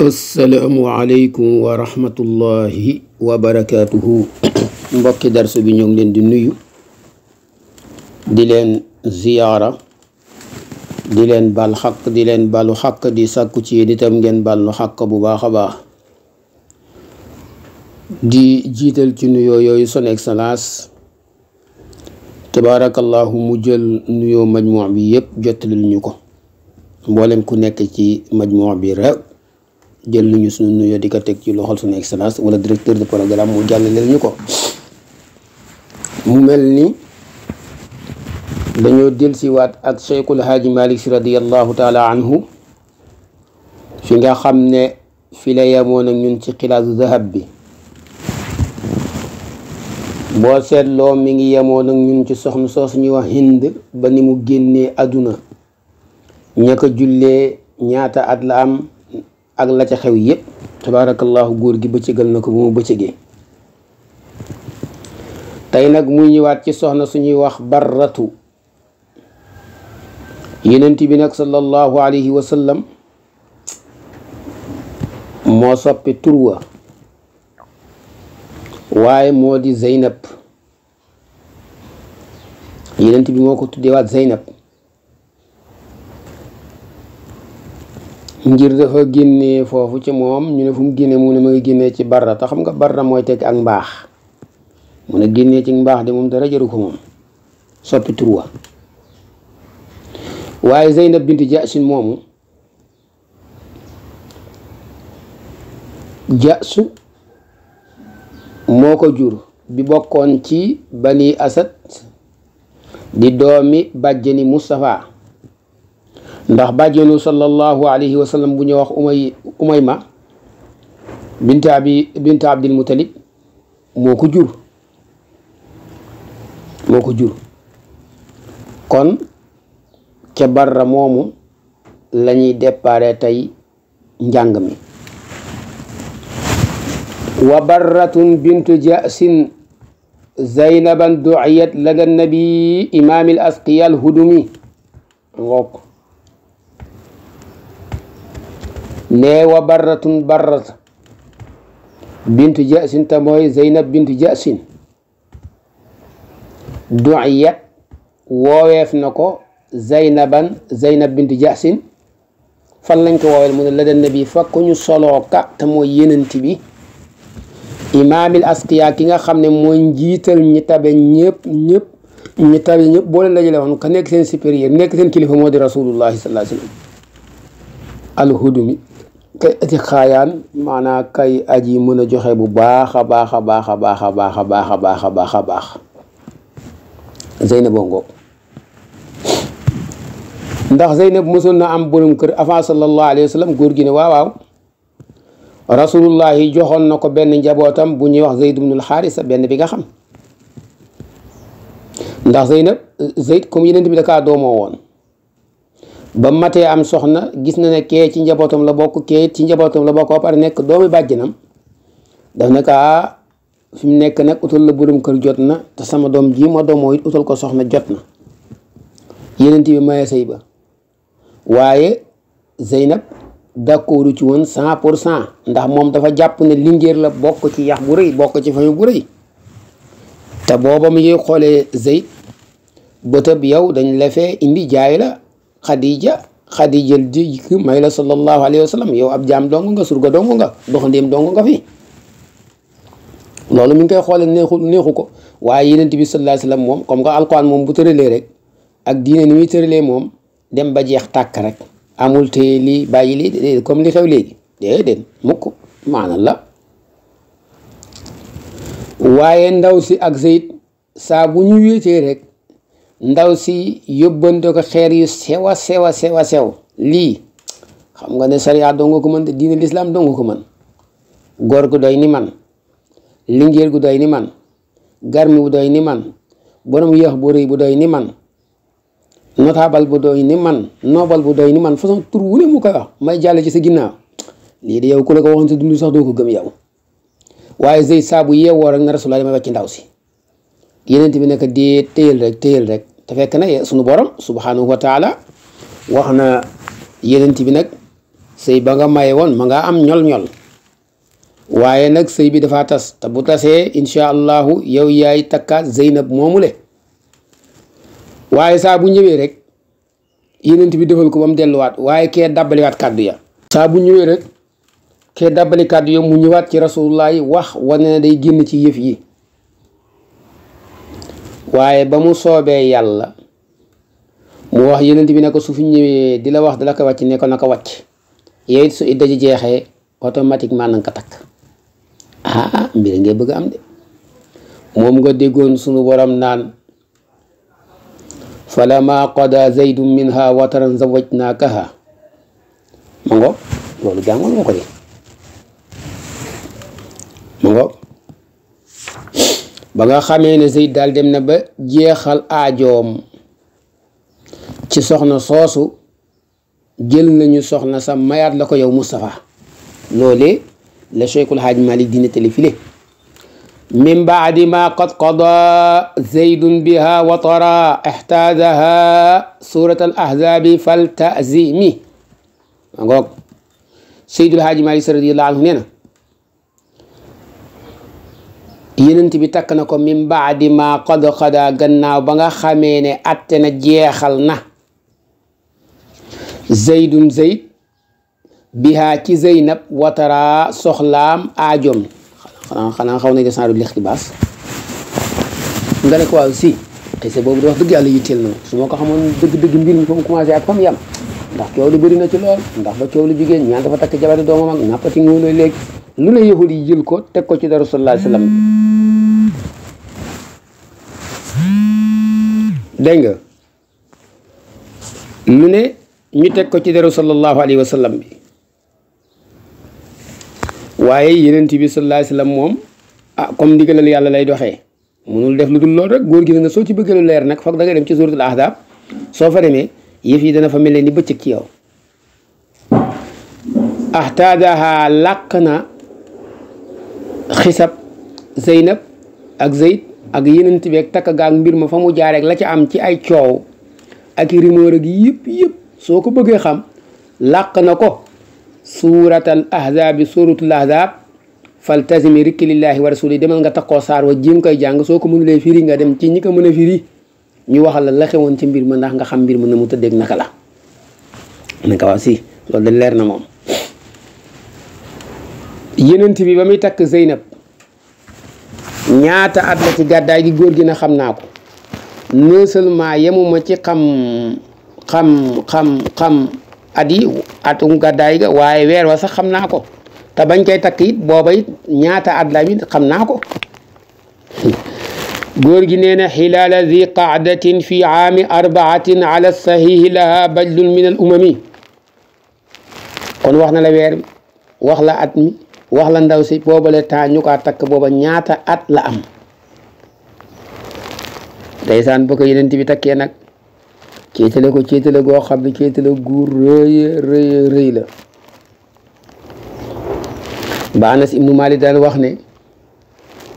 assalaamu aleykum wa rahmatullahi wa mbokki darsu bi ñoo ngi leen di nuyu di leen ziyaara di leen bal xaq di leen balu xaq di sàkku ci yéen itam ngeen balu xaq bu baax a baax di jiital ci nuyoo yooyu son excellence tabaarakallahu mu jël nuyoo majmuu bi yëpp jottalil ñu ko mboolem ku nekk ci majmuu bi rek jël ñu suñu nuyoo di ko teg ci loxol suñu excellence wala directeur de programme mu jàllaleel ñu ko mu mel ni dañoo delsiwaat ak Cheikhul Haaji Malik si radiyallahu taala anhu fi nga xam ne fi la yemoon ak ñun ci xilaasu zahab bi boo seetloo mi ngi yemoon ak ñun ci soxna soosu ñuy wax hind ba ni mu génnee àdduna ña ko jullee ñaata at la am ak la ca xew yépp tabaarakallaahu góor gi bëccëgal na ko bu mu bëccëgee tey nag muy ñëwaat ci soxna suñuy wax barratu yenent bi nag sallallahu alayhi wa sallam moo soppi turwa waaye moo di zeynab yenent bi moo ko tuddeewaat zeynab ngir dafa génne foofu ci moom ñu ne fu mu génnee mu ne ma ngi génnee ci barra te xam nga barra mooy teg ak mbaax mu ne génne ci mbaax de moom dara jëru ko moom soppi turwa waaye Zeynab bint Jaasin moomu Jaasu moo ko jur bi bokkoon ci bani Asad di doomi bàjjani Moustapha ndax bàjjeenu sallallahu alayhi wa sallam bu ñuy wax umay umayma bint abi bint abdil moo ko kon ca barra moomu la ñuy déparé tey njàng mi wa barratun bintu jasin zaynaban duciyat lada nabi imaamil asqiya hudumi nee wa barratun barrat bintu jasin te mooy zeynab bintu jasin duciyat wooweef na ko zeynaban zeynab bintu jasin fan lañ ko woowel mu ne la den nabi fakk ñu soloo ka te mooy yenant bi imaamil ki nga xam ne mooy njiital ñu tabe ñëpp ñëpp ñi tabe ñëpp boo leen dajale woon ka nekk seen supérieur nekk kilifa moo di rasulullahi alhudumi kay xaayaan maanaa kay aji mën a joxe bu baax a baax a baax a baax a baax a baax a baax a baax a baax Zeynab bongo ndax Zeynab mosoon na am borom kër avant sallallahu alayhi wa sallam góor gi ne waaw waaw rasulullahi joxoon na ko benn njabootam bu ñuy wax Zeyd ibnul Xaarisa benn bi nga xam ndax Zeynab Zeyd kom yeneen bi da kaa woon ba matee am soxna gis na ne kee ci njabootam la bokk kee ci njabootam la bokk ba pare nekk doomi bàjjanam daf ne ko ah fi mu nekk nag utal la borom kër jot na te sama doom ji ma doomoo it utal ko soxna jot na yeneen bi maye sëy ba waaye Zeynab d'accordu ci woon cent pour cent ndax moom dafa jàpp ne lingeer la bokk ci yax bu rëy bokk ci fayu bu rëy te booba mu ngi xoolee Zeyd bëtëb yow dañ la fee indi jaay la xadija xadijal jik may la sallallahu alayhi wa sallam yow ab jaam dong nga surga dong nga doxandéem dong nga fi loolu mi ngi koy xoole neexu neexu ko waaye yenent bi sallallahu alayhi wa sallam moom comme que alquran moom bu tëralee rek ak diine ni muy tëralee moom dem ba jeex tàkk rek amul te lii bàyyi lii comme li xew léegi déedéet mukk maana la waaye ndaw si ak sayit saa bu ñu wéetee rek ndaw si yóbbante ko xeer yu sewa sewa sewa sew lii xam nga ne sariya dong ko mën te diine lislaam dong nga ko mën góor gu doy ni man lingeer gu doy ni man garmi bu doy ni man borom yéex bu bu doy ni man notable bu doy ni man noobal bu doy ni man façon tur wu mu koy wax may jàll ci sa ginnaaw lii de yow ku la ko waxoon sa dund sax doo ko gëm yow waaye sëy saabu yeewoo rek na rasulaa dama wàcc ndaw si yeneen bi nekk dee téyel rek téyel rek te fekk na sunu borom subhanahu wa taala wax na yenent bi nag sëy ba nga maye woon ma nga am ñol-ñol waaye nag sëy bi dafa tas te bu tasee incha allahu yow yaay takkaat Zeynab moomule waaye saa bu ñëwee rek yenent bi defal ko ba mu delluwaat waaye kee dabbaliwaat kàddu ya saa bu ñëwee rek kee dabbali kàddu ya mu ñëwaat ci rasulullah yi wax wane na day génn ci yëf yi waaye ba mu soobee yàlla mu wax yonent bi ne ko su ñëwee di la wax di la ko wàcc ne ko na ko wàcc yow it su idda jeexee automatiquement na nga ko takk ah mbir ngay bëgg am de moom nga déggoon sunu borom naan falama qada zaydun minha wataran zawajnakaha ma ngo loolu jàngoon nga ko de ba nga xamee ne Zayd daal dem na ba jeexal aajoom ci soxna soosu jël nañu soxna sa mayaat la ko yow Moustapha loolee la Cheikhul Haaj Malik dina tële file min baadi ma qad qada zaydun biha wa tara ixtaajaha surat al ahzabi fal taazimi ngoog Seydul Haaj Malik radiyallahu anhu nee na yenent bi takk na ko min di ma qad qada gannaaw ba nga xamee ne atte na jeexal na zeydun zeyd bihaa ci zeynab watara soxlaam aajom xanaa xanaa xaw na descendre l'ixtibaas nga ne ko waaw si xisa boobu di wax dëgg yàlla yitteel na su ma ko xamoon dëgg-dëgg mbir mi fa mu commencé ak fa mu ndax coow lu bëri na ci lool ndax ba coow lu jigéen ñaan dafa takk jabari doomam ak nàppati nguuloy léegi lu ne yahud yi jël ko teg ko ci dara sallallahu alayhi nga lu ne ñu teg ko ci deru sallallahu alayhi wa sallam bi waaye yenent bi sallallahu alayhi wa moom ah comme ndigalal yàlla lay doxee munul def lu dul loolu góor gi ne na soo ci bëgg lu leer nag foog dangay dem ci suratul ahzab soo fa demee yëf dana fa mel ni bëccëg làq na xisab zeynab ak zeyd ak yeneen bi takk takka mbir ma fa mu jaareek la ci am ci ay coow ak rumeur ak yëpp yëpp soo ko bëggee xam làq na ko suuratal ahzaabi suuratul ahzaab faltazimi rikki lillahi wa rasuli demal nga takkoo saar wa jéem koy jàng soo ko mënulee firi nga dem ci ñi ko mën a firi ñu wax la la xewoon ci mbir ma ndax nga xam mbir ma na mu tëddeeg naka la naka waaw si loolu de leer na moom yenent bi ba muy takk Zeynab ñaata at la ci gàddaay gi góor gi na xam naa ko non seulement yemuma ci xam xam xam xam at gàddaay ga waaye weer wa sax xam naa ko te bañ koy takk it booba it ñaata at la xam naa ko góor gi nee na xilaala zi qaadatin fi aami arbaatin ala sahihi laha bajlun min al kon wax na la weer bi wax la at mi wax la ndaw si boobale temps ñu kaa takk booba ñaata at la am ndeysaan ba ko yeneen bi takkee nag céetale ko céetale goo xam ne céetale gu rëy rëy rëy la ba Anas maa Malik daal wax ne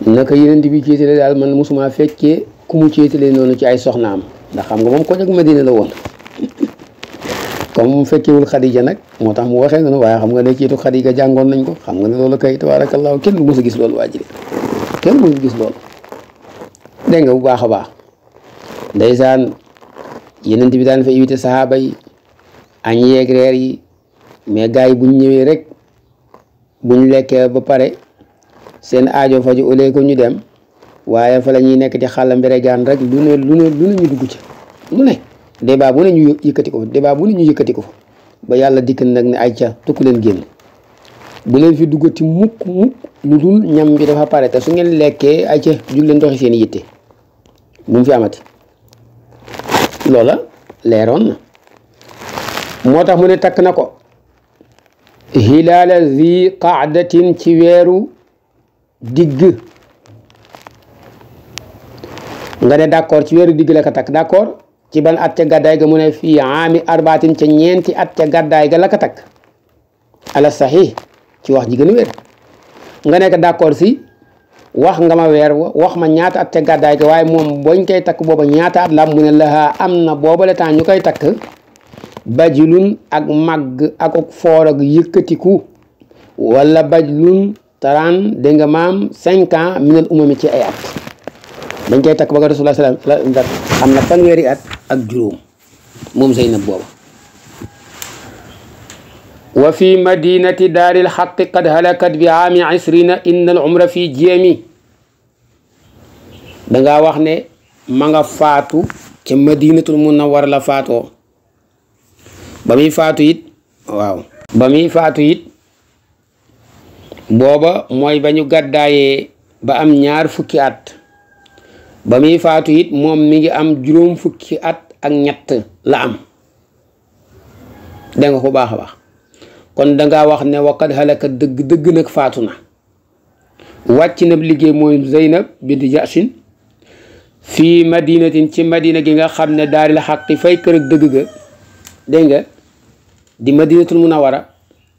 naka yeneen bi céetale daal man mosuma fekkee ku mu céetale noonu ci ay soxna am ndax xam nga moom ko nag Madina la woon comme mu fekkiwul xadija nag moo tax mu waxee nga noonu waaye xam nga ne ciitu xadija jàngoon nañ ko xam nga ne loolu kay tabaarakallaahu kenn du mos a gis loolu waa ji kenn mos a gis loolu dégg nga bu baax a baax ndeysaan yeneen bi daan fa invité saxaaba yi añ yeeg yi mais gars yi buñ ñëwee rek buñ lekkee ba pare seen aajo faju ulee ko ñu dem waaye fa la ñuy nekk ci xàll mbere gaan rek lu ne lu ne lu ne ñu dugg ci lu ne débat bu ne ñu yëkkati ko débat bu ne ñu yëkkati ko ba yàlla dikk nag ne ay ca tukku leen génn bu leen fi duggati mukk mukk lu dul ñam bi dafa pare te su ngeen lekkee ay ca jug leen doxi seen yitte bu mu fi amati loola leeroon na moo tax mu ne takk na ko hilaala zi qaadatin ci weeru digg nga ne d'accord ci weeru digg la ko takk d'accord ci ban at ca gàddaay ga mun ne fii aami arbaatin ca ñeenti at ca gàddaay ga la ko takk ala saxiix ci wax ji wér nga nekk d'accord si wax nga ma weer wax ma ñaata at ca gàddaay ga waaye moom booñ koy takk booba ñaata at la mu ne la am na boobale temps ñu koy takk bajlun ak màgg ak foor ak yëkkatiku wala bajlun taraan dégg nga maam cinq ans minal umami ci ay at bañ koy takk ba ko rasulullah salaam am na fanweeri at ak juróom moom Zeynab booba wa fi madinati daaril xaqi qad halakat bi aami isrina inna al fi jéemi danga wax ne ma nga faatu ca madinatul munawwara la faatoo ba muy faatu it waaw ba muy faatu it booba mooy ba ñu gàddaayee ba am ñaar fukki at ba muy faatu it moom mi ngi am juróom fukki at ak ñett la am dégg nga ko baax a baax kon danga wax ne waqad halaka dëgg dëgg nag faatu na wàcc na liggéey mooy Zeynab bint Jaasin fii madinatin ci madina gi nga xam ne daaril xaqi fay kër ak dëgg ga dégg nga di madinatul munawara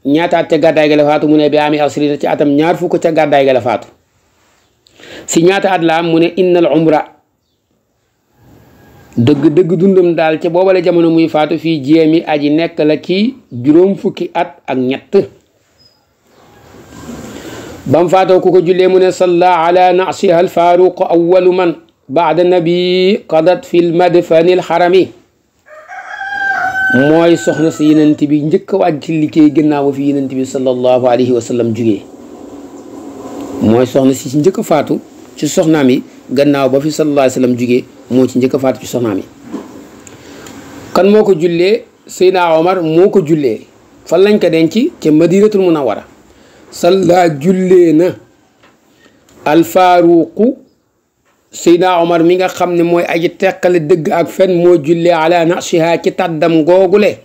ñaataat ca gàddaay gi la faatu mu ne bi ami asrina ci atam ñaar fukk ca gàddaay gi la faatu si ñaata at mu ne innal umra dëgg-dëgg dundam daal ca boobale jamono muy faatu fii jéemi aji nekk la ci juróom fukki at ak ñett bam faatoo ku ko jullee mu ne salla ala nasiha alfaaruq awalu man baada nabi qadat fi lmadfani alxarami mooy soxna si yenent bi njëkk a wàcc liggéey gannaaw ba fi yenent bi sallallahu alayhi wa jugee mooy soxna si ci njëkk faatu ci soxnaam yi gannaaw ba fi sallallahu alayhi jugee moo ci njëkk a faatu ci soxnaam yi kan moo ko jullee Seydina Omar moo ko jullee fan lañ ko denc ca madinatul munawara salla jullee na alfaaruqu Seydina Omar mi nga xam ne mooy aji teqale dëgg ak fen moo jullee ala nasiha ci tàddam googule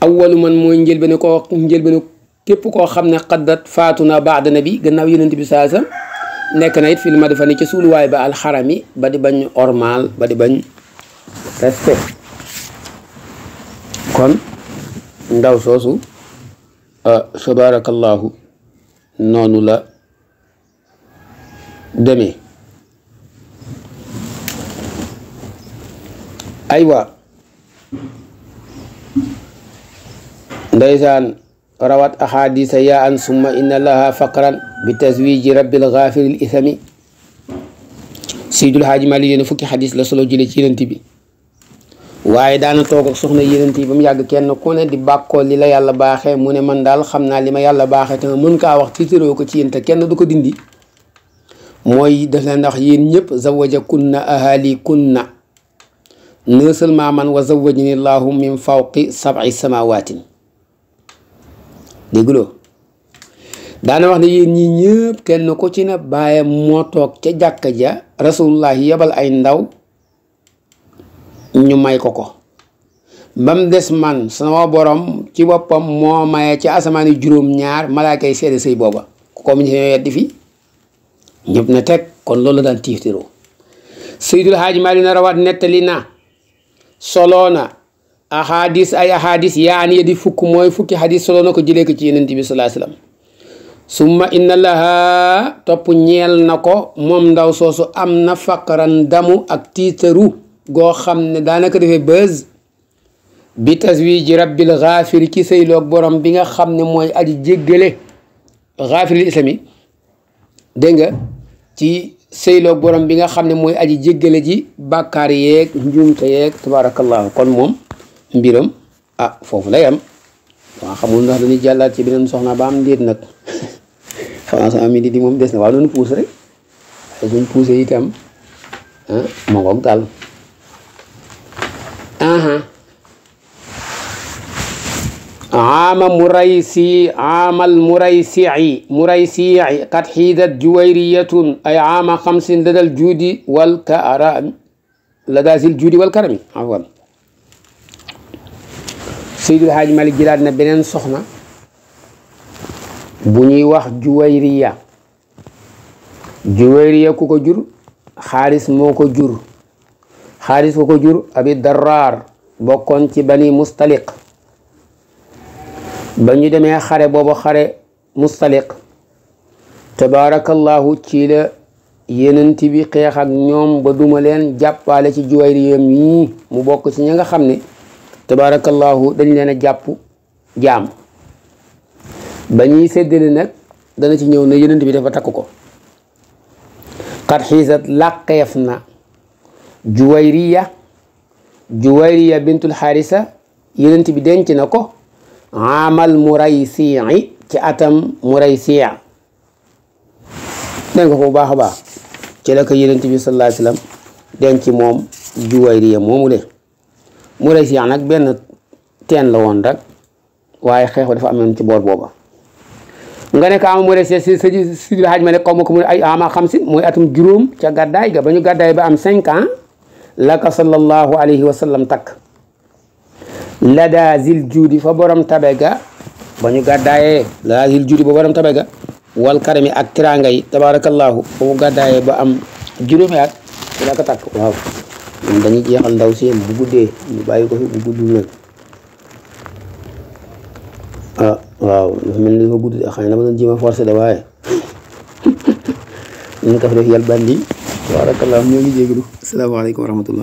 awalu man mooy njëlbéen koo njëlbéen képp koo xam ne xaddat faatu na baada nabi gannaaw yonent bi saa sa nekk na it fil madfani ci suuluwaay ba alxarami ba di bañ ormaal ba di bañ respect kon ndaw soosu euh, tabaarakallaahu noonu la demee aywa ndeysaan rawat ahadisa ya an summa inna laha faqran bi taswiji rabbil ghafiril ithami Seydul Haaji Malik yéen fukki xadis la solo jële ci yonent bi waaye daana toog ak soxna yonent bi ba mu yàgg kenn ku ne di bàkkoo li la yàlla baaxee mu ne man daal xam na li ma yàlla baaxee te mën kaa wax tiitaroo ko ci yéen te kenn du ko dindi mooy daf leen ndax yéen ñëpp zawaja kunna ahali kunna non man wa zawajani llahu min fawqi sab'i samawaatin dégguloo daana wax ne yéen ñi ñëpp kenn ku ci ne baayam moo toog ca jàkka ja rasulullah yebal ay ndaw ñu may ko ko bam des man sama boroom ci boppam moo maye ci asamaan yi juróom-ñaar malaaka yi seede sëy booba ku ko mu ñu weddi fii ñëpp ne teg kon loolu la daan tiiftiroo Seydul Haaji Maalik na rawaat nettali na solo ahadis ay ahadis yaan ya di fukk mooy fukki hadis solo na ko jëlee ko ci yonent bi salaa summa inna laha topp ñeel na ko moom ndaw soosu am na faqran damu ak tiitaru goo xam ne daanaka defee bitas bi taswiji rabbil xaafir ci sëyloog borom bi nga xam ne mooy aji jéggale xaafiril islami nga ci sëyloog borom bi nga xam ne mooy aji jéggale ji bàkkaar yeeg njuumte yeeg tabaarakallahu kon moom mbiram ah, foofu lay am waaw xamul ndax dañuy jàllaat ci beneen soxna ba am déet nag xanaa sama midi di moom des na waaw noonu puus rek waaye suñ puusee itam ah moo ko daal عام مريسي عام المريسيعي مريسيعي قد حيدت جويرية أي عام خمس لدى الجود والكرم Seydul Haaj Malik jëlaat na beneen soxna bu ñuy wax Juwayriya Juwayriya ku ko jur xaaris moo jur xaaris ku ko jur abi darar bokkoon ci bani mustaliq ba ñu demee xare boobu xare mustaliq tabaarakallahu ci la yenent bi xeex ñoom ba duma leen jàppale ci juwayriyam yi mu bokk ci ñi nga xam ne tabaarakallaahu dañ leen a jàpp jaam ba ñuy séddale nag dana ci ñëw ne yonent bi defa takk ko xat xiisat làqeef na juwayriya juwayriya bintul xaarisa yonent bi denc na ko amal muraysi ci atam muraysiya dégg nga ko bu baax a baax ci la ko yonent bi sallallahu alayhi denc moom juwayriya moomu le Muraysiya nag benn teen la woon rek waaye xeexu dafa amoon ci boor booba nga ne ko ama Muraysiya si sëñ Sidi Hadj ma ne xaw ma ko mu ay ama xam si mooy atum juróom ca gàddaay ga ba ñu gàddaay ba am cinq ans la ko sallallahu alayhi wa takk la daa zil juudi fa borom tabe ga ba ñu gàddaayee la daa zil juudi ba borom tabe ga wal karami ak tiraanga yi tabaarakallaahu ba mu gàddaayee ba am juróomi at la takk waaw. kon dañuy jeexal ndaw si bu guddee ñu bàyyi ko fi bu guddul nag ah waaw dafa mel ni dafa gudd xëy na dama doon jéem a forcé de waaye ñu ngi ko fa def yàlla bandi waaw rakallaah ñoo ngi jégalu asalaamaaleykum wa rahmatullah